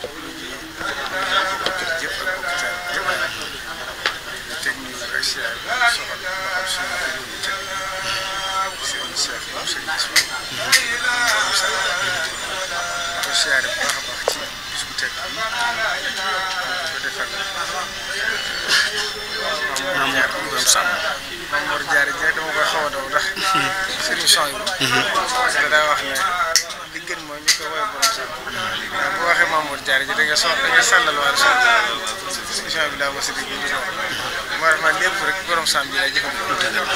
Mor Diarra Dieng dama koy xaw a daw ndax. sëriñ son yi. da daa wax ne. gën mooy ñu koy ndax da nga soxla bi a déglu di ko war man bi lay jëfandikoo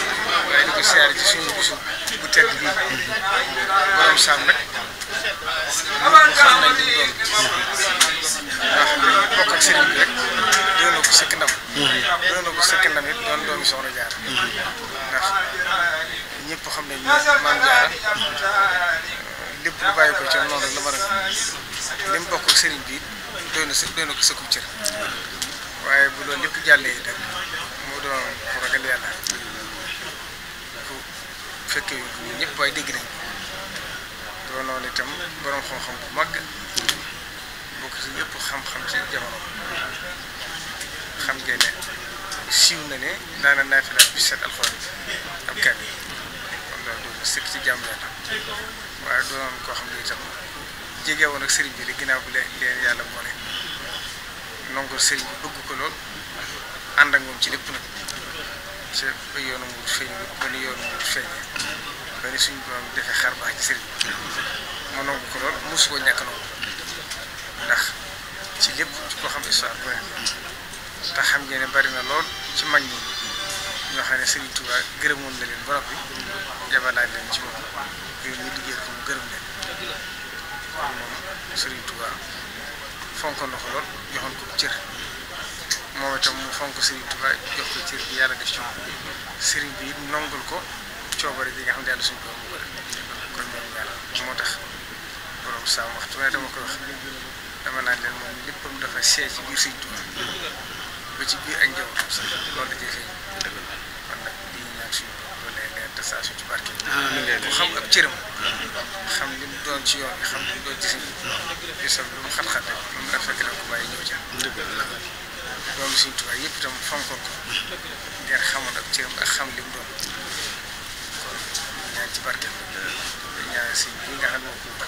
waaye di ko siyaar ci suñu bisu bu tedd bi borom sant nag ñun xam nañ li mu doon bokk ak bi rek doon na ko sëkk ndam. doon doon doomi soxna Diarra ndax ñëpp xam nañ ne Maam Diarra. lépp lu bàyyi ko ci noonu rek la war a lim bokk sëriñ bi doy na sa ko sëkkum cër waaye bu loolu lépp jàllee itam moo doon ku ragal yàlla ku fekkee yu ñëpp waaye dégg nañ ko doonoon itam borom xam-xam bu mag bokk ci ñëpp xam-xam ci jamono xam ngeen siiw na ne daana naafila bi seet alxuraan ab kàddu sëkk ci jàmm yàlla waaye doonoon koo xam ne itam jege ak sëriñ bi di ginnaaw bi leen yàlla boole nongo sëriñ bi bëgg ko lool àndak ak moom ci lépp nag ci yoonu mu feeñ ba ni yoonu mu feeñ ba ni suñu borom defee xar baax ci sëriñ bi nongu ko lool mosu ko ñàkk nongu ndax ci lépp ci koo xam histoire bu te xam ngeen ne lool ci mag ñi ñoo xam ne Serigne Touba gërëmoon na leen borom bi yabalaat leen ci moom ngir ñu liggéeyal ko mu gërëm leen kon moom Serigne Touba fonkoon na lool joxoon ko cër moom itam mu fonk Serigne Touba jox ko cër bi yàlla def ci moom Serigne bi nga xam ne yàlla suñu borom ko def kon ñoom yàlla moo tax borom saa waxtu waaye dama ci biir Serigne Touba ba ci biir ak njaboot sax loolu la cee saasu ci barke bu ah, xam ab cëram xam li mu doon ci yoon bi xam li mu doon gis lu mu xat-xat rek lu ko bàyyi ñëw ca loolu suñ tubaab yëpp itam fonkoon ko ngeen xamoon ab cëram xam li mu doon kon ñaan ci barke ñaan si bi nga xam moo ko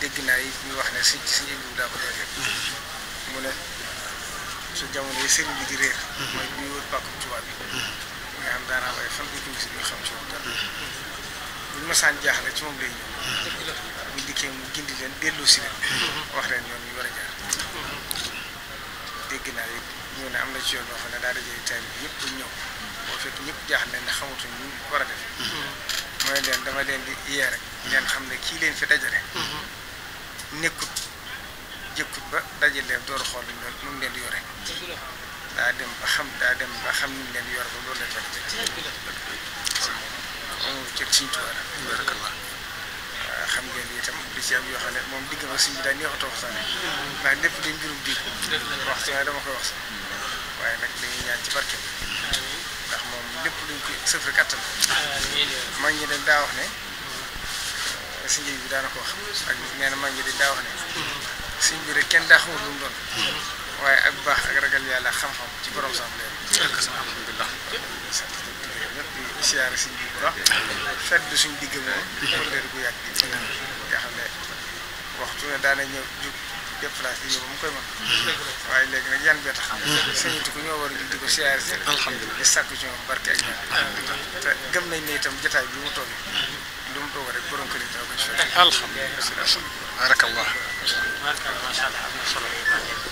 dégg naa yi ñu wax ne si si ñu daa ko dégg mu ne su jamono yi sëriñ bi di réer mooy bi ñu wër bàkku tubaab bi nga xam daanaa am ay fan bu dugg si ñu xam ci moom dara buñ jaaxle ci moom lay ñëw bu dikkee mu gindi leen delloo si wax leen ñoom ñu war a jaar dégg naa yi ñu ne am na ci yoon yoo xam ne daa dajee taay bi ñëpp ñëw boo fekk ñëpp jaaxle ne xamatuñ ñu war a def mooy leen dama leen di yee rek ngeen xam ne kii leen fi dajale nekkut jëkkut ba dajale door xool lu mu leen di yore daa dem ba xam daa dem ba xam ni leen yor ba la loolu lañ war a jël ci xam ngeen ni itam li ci am yoo xam ne moom digg ba suñ bi daal neexutoo ko sax lépp di mbirum diir wax si waaye dama koy wax sax waaye nag dañuy ñaan ci barke ndax moom lépp luñ koy sëf rek ma mag ñi dañ daa wax ne eh, suñ bi daana ko wax ak nee na mag ñi dañ daa wax ne suñ bi rek kenn daa xamul lu mu doon waaye ak baax ak ragal yàlla xam-xam ci borom sax leen. alhamdulilah ñëpp di siyaare si bu baax. fedd suñ digg moom. wala bu yàgg bi. nga xam ne waxtu ne daana ñëw jug déplacé yow mu koy mën. waaye léegi nag yan bee tax. sëñitu ko ñoo war a di ko siyaare si. alhamdulilah di sàkku ci moom barke ak te gëm nañ ne itam jotaay bi mu toll. lu mu toog rek borom kër yi daaw ko ci fekk. alhamdulilah barakallah.